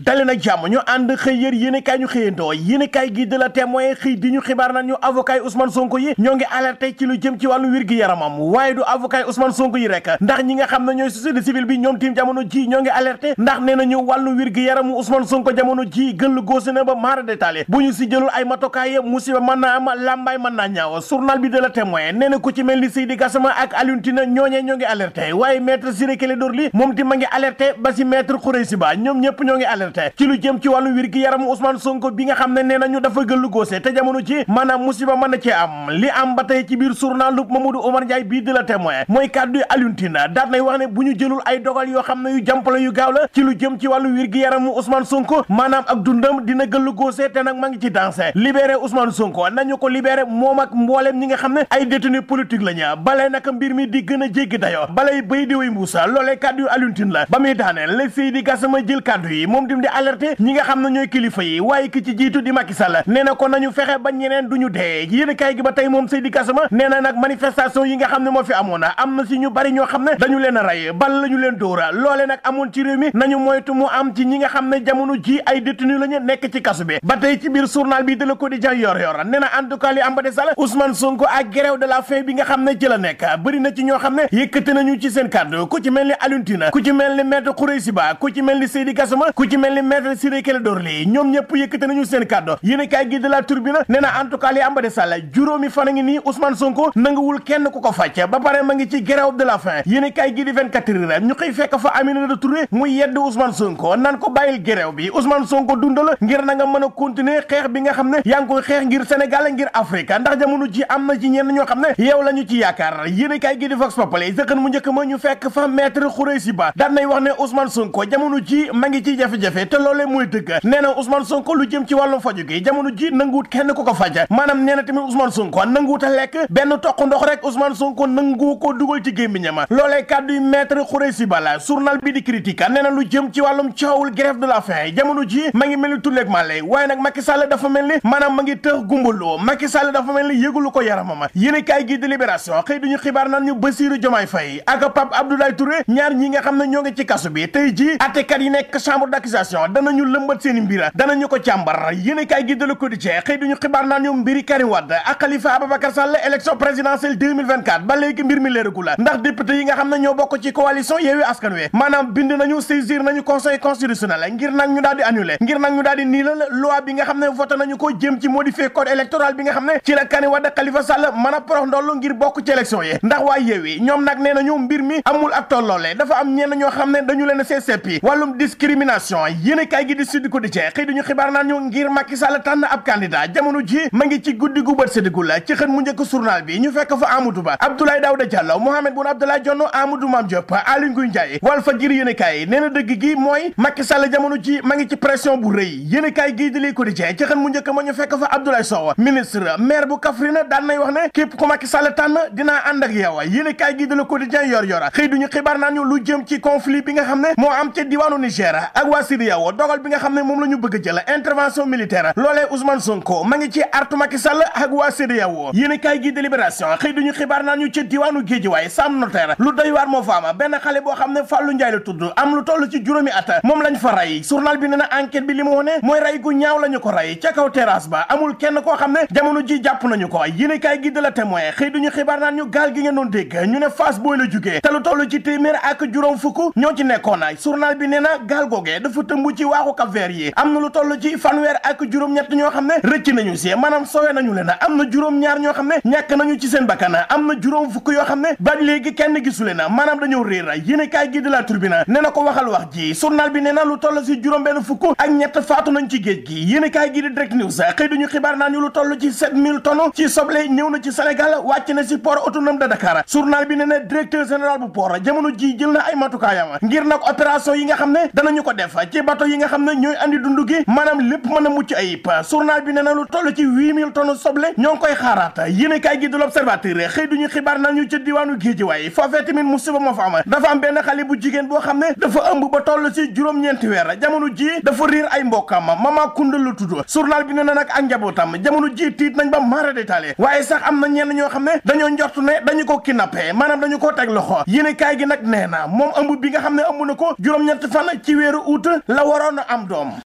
dali na jàmm ñu ànd xëy yër yéenekaay ñu xëyandoo yéenekaay gi de la témoin xëy di ñu xibaar na ñu avocat yi Ousmane Sonko yi ñoo ngi alerte ci lu jëm ci wàllu wér gi yaramam waaye du avocat yi Ousmane Sonko yi rek ndax ñi nga xam ne ñooy société bi ñoom tim jamono ji ñoo ngi alerté ndax nee nañu wàllu wér gi yaramu Ousmane Sonko jamono ji gëll góose na ba maara détaillé bu ñu si jëlul ay matokaay musiba mën naa am làmbaay mën naa ñaaw journal bi de la témoin nee na ku ci mel ni Seydi Gassama ak Alioune Tine ñooñee ñoo ngi alerté waaye maître Ciré Clédor Ly moom tim ma ngi alerté ba si maître ñëpp ñoo ngi alerté alerte ci lu jëm ci wàllu wér gi yaramu Ousmane Sonko bi nga xam ne nee nañu dafa gëllu góose te jamono ji maanaam musiba mën na cee am li am ba tey ci biir journalu Mamadou Oumar Ndiaye bii di la témoin mooy kàddu Alioune Tine daat nay wax ne bu ñu jëlul ay dogal yoo xam ne yu jàmpale yu gaaw la ci lu jëm ci wàllu wér gi yaramu Ousmane Sonko ak dundam dina gëllu góose te nag ma ngi ci dansé libéré Ousmane Sonko nañu ko libéré moom ak mbooleem ñi nga la ñu bale nag mbir mi di gën a jéggi dayoo balay bay di way mbuusa loolee di alerter ñi nga xam ne ñooy kilifa yi waaye ki ci jiitu di Macky Sall nee na ko nañu fexe ba ñeneen duñu dee yéen kaay gi ba tey moom Seydi Gassama nee na nag manifestation yi nga xam ne moo fi amoon am na si ñu bari ñoo xam ne dañu leen rey bal lañu leen dóora loole nag amoon ci réew mi nañu moytu mu am ci ñi nga xam ne jamono ji ay détenu lañu nekk ci kasu bi ba tey ci biir journal bi de Le Quotidien yor yor nee na en tout am ba de la faim mel ni maître Ciré Clédor Ly ñoom ñëpp yëkkate nañu seen kàddu yéenekaay gi la Tribune nee na en am ba des sàll juróomi fan a ngi nii Ousmane Sonko nan ko bàyyil grève bi Ousmane Sonko dundal ngir na nga mën a continuer xeex bi nga xam ne yaa xeex ngir Sénégal ngir Afrique ndax jamono ji am na ñoo xam ne yow la ci yaakaar yéenekaay gi di Vox Populi sëxën mu njëkk ma ñu fekk fa maître Khoureyssi Ba daan wax ne Ousmane Sonko jamono ji ma ngi jafe-jafe te loolee mooy dëgg nee na Ousmane Sonko lu jëm ci wàllum faju gi jamono ji nanguwut kenn ku ko faja maanaam nee na tamit Ousmane Sonko nanguwut a lekk benn toq ndox rek Ousmane Sonko nangu ko dugal ci gémmiñam loolee kàdduy maître Khoureyssi Bala journal bi di critique nee na lu jëm ci wàllum coowul grève de la faim jamono ji ma ngi mel ni tulleeg màlle waaye nag Macky Sall dafa mel ni maanaam ma ngi tëx gumbaloo Macky Sall dafa mel ni yëgulu ko yaramama yéen kaay gi di libération xëy duñu xibaar naan ñu Bassirou Diomaye Faye ak Pape Abdoulaye ñi nga xam ne ñoo ngi ci kasu bi tey ji attekat yi nekk chambre organisation danañu lëmbat seen i mbir danañu ko càmbar yéen kaay gi de Le Quotidien xibaar naan ñoom mbiri Karim Wade ak Khalifa Ababacar Sall élection présidentielle 2024 ba léegi mbir mi leeragul ndax député yi nga xam ne ñoo bokk ci coalition Yewwi Askan Wi maanaam bind nañu saisir nañu conseil constitutionnel ngir nag ñu daal di annulé ngir nag ñu daal di niilal loi bi nga xam ne voté nañu ko jëm ci modifier code électoral bi nga xam ne ci la Karim Wade Khalifa a yéen a kaay gi di Sud Quotidien xëy dañu xibaar naan ñu ngir Macky Sall tànn ab candidat jamono ji ma ngi ci guddi gu bët séddigu la ci xët mu ñu xibaar naan ñu lu jëm ci conflit bi nga xam ne moo am ca diwaanu Niger ak waa CEDEAO dogal bi nga xam ne moom la ñu bëgg a jël intervention militaire loolee Ousmane Sonko ma ngi ci artu Macky Sall ak waa CEDEAO yéen a kaay gi délibération xëy duñu xibaar naa ñu ci diwaanu Géejawaay Sam Notaire xam ne Fallou Ndiaye la tudd am lu toll ci juróomi at moom lañ fa rey journal bi nee na enquête bi li mu wone mooy rey gu ñaaw la ñu ko rey ca kaw terrasse ba amul kenn koo xam ne jamono ji jàpp nañu ko yéen a gi de la témoin xëy duñu xibaar naan ñu gaal gi ngeen doon dégg ñu ne Fass booy la jugee te lu toll ci téeméer ak juróom fukk ñoo bi nee na gaal tëmb ci waaxu Cap-Vert yi am na lu toll ci fanweer ak juróom-ñett ñoo xam ne rëcc nañu si maanaam sowe nañu leen am na juróom-ñaar ñoo xam ne ñàkk nañu ci seen bakkan am na juróom fukk yoo xam ne ba léegi kenn gisule na maanaam dañoo réer yéene kaay gi de la Tribune nee na ko waxal wax ji journal bi nee na lu toll si juróom benn fukk ak ñett faatu nañ ci géej gi yéene toll ci 7000 tonnes ci soble ñëw na ci Sénégal wàcc na si port autonome de Dakar journal bi nee na directeur général bu port jamono ji jël na ay matukaayam yi nga xam ne danañu ko def ci bato yi nga xam ne ñooy andi dund gi maanaam lépp mën a mucc pa journal bi ne na lu toll ci huit mille tonnes soble ñoo ngi koy xaaraata yéene kaay gi du l'observateur xëy duñu xibaar nañu ci diwaanu Géejawaay foofee tamit musiba moo dafa am benn xale bu jigéen boo xam ne dafa ëmb toll ci ñeenti weer jamono ji dafa riir ay mbokkam mama kunda la tudd journal bi nee na nag ak njabootam jamono ji tiit nañ ba mara détaillé waaye sax am na ñenn ñoo xam ne dañoo njort ne dañu ko kidnappé maanaam dañu ko teg loxo yéene gi nag nee na moom ëmb bi nga xam ne ëmb na ko juróom-ñetti fan ci weeru août la waroon a am doom